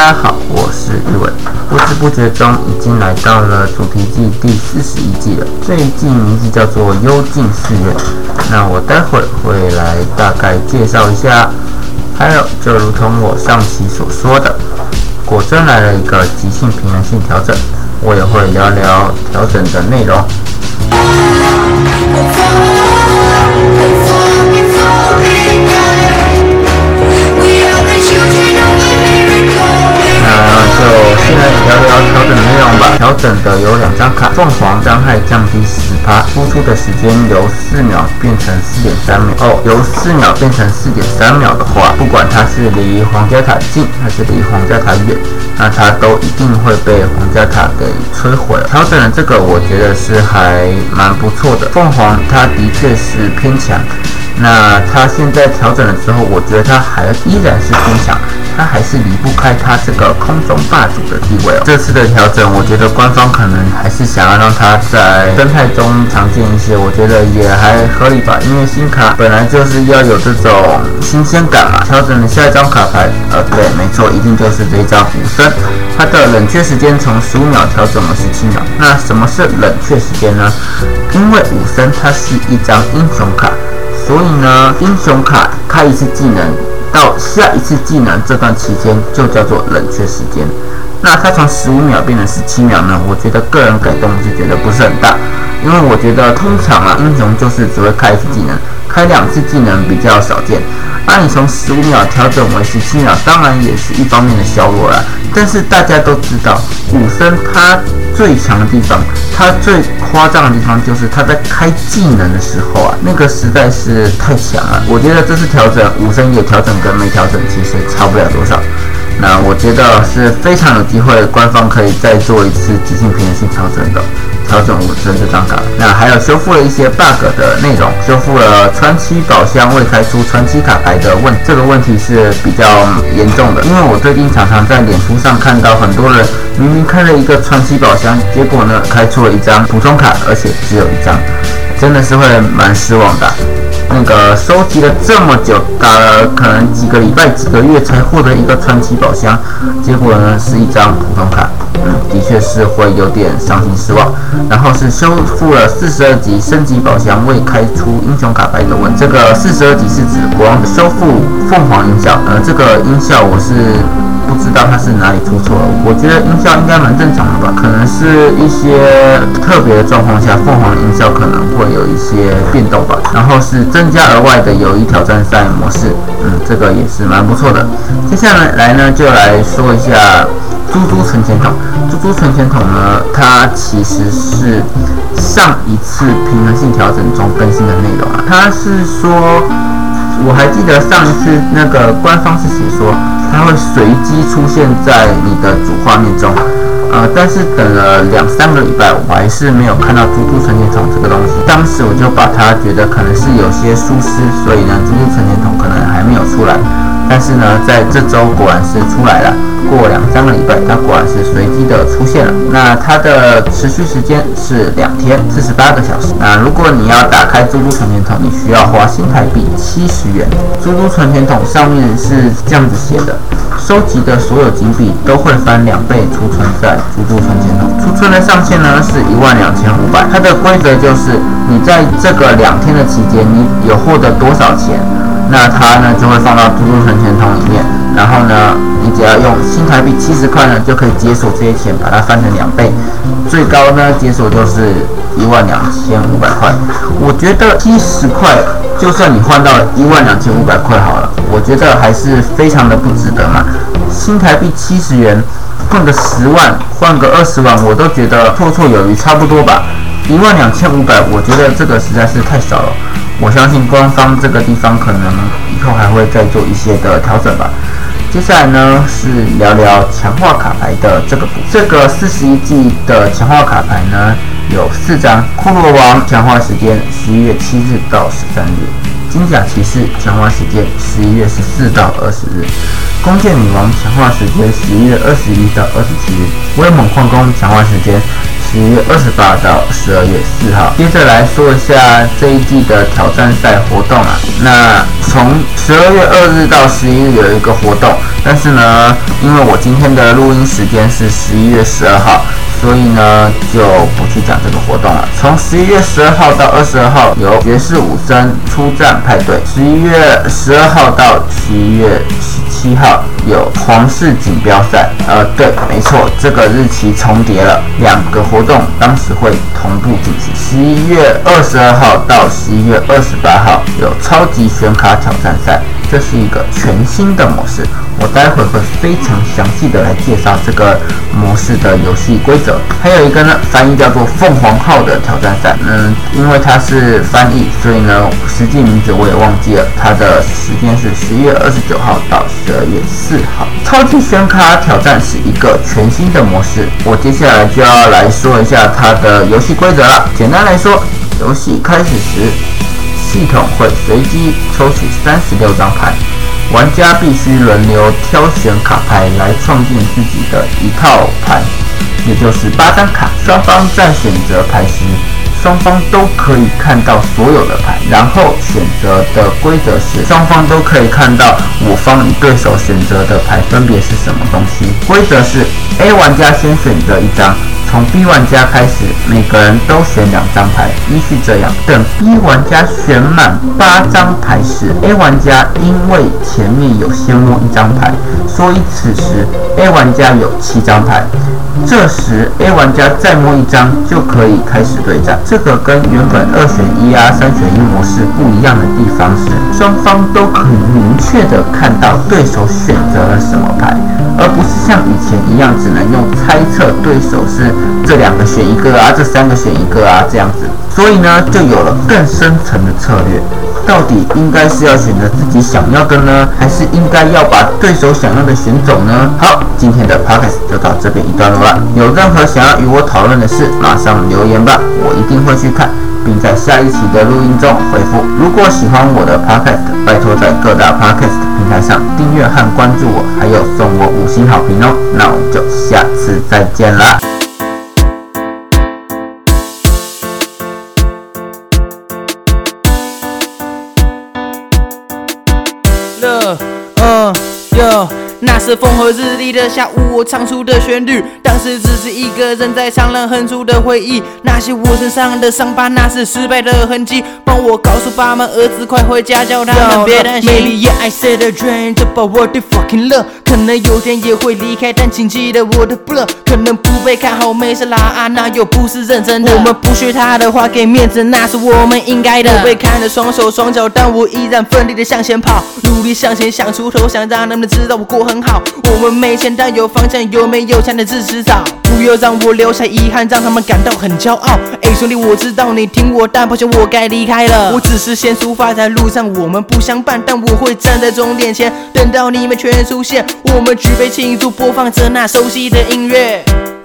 大家好，我是日偉，不知不覺中已經來到了主題季第四十一季了。這一季名字叫做《幽靜寺院》，那我待會兒會來大概介紹一下。還有，就如同我上期所說的，果真來了一個緊急平衡性調整，我也會聊聊調整的內容。有兩張卡，鳳凰傷害降低十趴，輸出的時間由四秒變成四點三秒。哦、oh，由四秒變成四點三秒的話，不管它是離皇家塔近還是離皇家塔遠，那它都一定會被皇家塔給摧毀。調整了這個，我覺得是還蠻不錯的。鳳凰它的確是偏強。那它現在調整了之後，我覺得它還依然是很強，它還是離不開它這個空中霸主的地位哦。這次的調整，我覺得官方可能還是想要讓它在生態中常見一些，我覺得也還合理吧，因為新卡本來就是要有這種新鮮感嘛啊。調整的下一張卡牌，呃，對，沒錯，一定就是這一張武僧。它的冷卻時間從十五秒調整為十七秒。那什麼是冷卻時間呢？因為武僧它是一張英雄卡。所以呢，英雄卡開一次技能，到下一次技能這段期間就叫做冷卻時間。那它從十五秒變成十七秒呢？我覺得個人改動就覺得不是很大，因為我覺得通常啊，英雄就是只會開一次技能，開兩次技能比較少見。而你從十五秒調整為十七秒，當然也是一方面的削弱了，但是大家都知道，武僧他，最強的地方，它最誇張的地方就是它在開技能的時候啊，那個實在是太強了。我覺得這次調整，武僧也調整跟沒調整其實差不了多少。那我覺得是非常有機會，官方可以再做一次緊急平衡性調整的調整，我真的是尷尬，那還有修復了一些 bug 的內容，修復了傳奇寶箱未開出傳奇卡牌的問，這個問題是比較嚴重的，因為我最近常常在臉書上看到很多人明明開了一個傳奇寶箱，結果呢開出了一張普通卡，而且只有一張，真的是會蠻失望的，啊。那個收集了這麼久，打了可能幾個禮拜、幾個月才獲得一個傳奇寶箱，結果呢是一張普通卡，嗯，的確是會有點傷心失望。然後是修復了四十二級升級寶箱未開出英雄卡牌的問，這個四十二級是指國王的修復鳳凰音效，呃，這個音效我是。不知道它是哪裡出錯了，我覺得音效應該蠻正常的吧，可能是一些特別的狀況下，鳳凰音效可能會有一些變動吧。然後是增加額外的友誼挑戰賽模式，嗯，這個也是蠻不錯的。接下來來呢，就來說一下豬豬存錢筒。豬豬存錢筒呢，它其實是上一次平衡性調整中更新的內容啊，它是說。我還記得上一次那個官方是寫說，它會隨機出現在你的主畫面中，呃，但是等了兩三個禮拜，我還是沒有看到豬豬存錢筒這個東西。當時我就把它覺得可能是有些疏失，所以呢，豬豬存錢筒可能還沒有出來。但是呢，在這週果然是出來了。過兩三個禮拜，它果然是隨機的出現了。那它的持續時間是兩天，四十八個小時。那如果你要打開豬豬存錢筒，你需要花新台幣七十元。豬豬存錢筒上面是這樣子寫的：收集的所有金幣都會翻兩倍，儲存在豬豬存錢筒。儲存的上限呢是一萬兩千五百。它的規則就是，你在這個兩天的期間，你有獲得多少錢？那它呢就會放到豬豬存錢桶裡面，然後呢，你只要用新台幣七十塊呢，就可以解鎖這些錢，把它翻成兩倍，最高呢解鎖就是一萬兩千五百塊。我覺得七十塊，就算你換到一萬兩千五百塊好了，我覺得還是非常的不值得嘛。新台幣七十元，換個十萬，換個二十萬，我都覺得綽綽有餘，差不多吧。一萬兩千五百，我覺得這個實在是太少了。我相信官方這個地方可能以後還會再做一些的調整吧。接下來呢是聊聊強化卡牌的這個部分，這個四十一季的強化卡牌呢有四張，骷髏王強化時間十一月七日到十三日。金甲騎士強化時間十一月十四到二十日，弓箭女王強化時間十一月二十一到二十七日，威猛礦工強化時間十一月二十八到十二月四號。接着來說一下這一季的挑戰賽活動啊，那從十二月二日到十一日有一個活動。但是呢，因為我今天的錄音時間是十一月十二號，所以呢就不去講這個活動了。從十一月十二號到二十二號，由爵士舞生出戰派對；十一月十二號到十一月十七號。有皇室錦標賽，呃，對，沒錯，這個日期重疊了，兩個活動當時會同步進行。十一月二十二號到十一月二十八號有超級選卡挑戰賽，這是一個全新的模式，我待會會非常詳細的來介紹這個模式的遊戲規則。還有一個呢，翻譯叫做鳳凰號的挑戰賽，嗯，因為它是翻譯，所以呢，實際名字我也忘記了，它的時間是十一月二十九號到十二月四。好，超級選卡挑戰是一個全新的模式，我接下來就要來說一下它的遊戲規則了。簡單來說，遊戲開始時，系統會隨機抽取三十六張牌，玩家必須輪流挑選卡牌來創建自己的一套牌，也就是八張卡。雙方在選擇牌時，雙方都可以看到所有的牌，然後選擇的規則是：雙方都可以看到我方與對手選擇的牌分別是什麼東西。規則是：A 玩家先選擇一張。從 B 玩家開始，每個人都選兩張牌，依序這樣。等 B 玩家選滿八張牌時，A 玩家因為前面有先摸一張牌，所以此時 A 玩家有七張牌。這時 A 玩家再摸一張就可以開始對戰。這個跟原本二選一啊三選一模式不一樣的地方是，雙方都可以明確的看到對手選擇了什麼牌。像以前一樣，只能用猜測對手是這兩個選一個啊，這三個選一個啊，這樣子，所以呢，就有了更深層的策略。到底應該是要選擇自己想要的呢，還是應該要把對手想要的選走呢？好，今天的 podcast 就到這邊一段了吧。有任何想要與我討論的事，馬上留言吧，我一定會去看，並在下一期的錄音中回復。如果喜歡我的 podcast，拜托在各大 podcast 平台上訂閱和關注我，還有送我五星好評哦。那我們就下次再見啦。那是風和日麗的下午，我唱出的旋律。當時只是一個人在唱，哼出的回憶。那些我身上的傷疤，那是失敗的痕跡。幫我告訴爸媽，兒子快回家，叫他們別擔心。美麗、yeah, I see the dream，這 k i n g l o 可能有天也會離開，但請記得我的 blood。可能不被看好，沒事啦啊那又不是認真的。我們不學他的話，給面子那是我們應該的。我被看的雙手雙腳，但我依然奮力的向前跑，努力向前想出頭，想讓他們知道我過很好。我們沒錢，但有方向，有沒有錢的自己找。不要讓我留下遺憾，讓他們感到很驕傲。哎，兄弟，我知道你挺我，但抱歉，我該離開了。我只是先出發，在路上我們不相伴，但我會站在終點前，等到你們全員出現。我們舉杯慶祝，播放着那熟悉的音樂。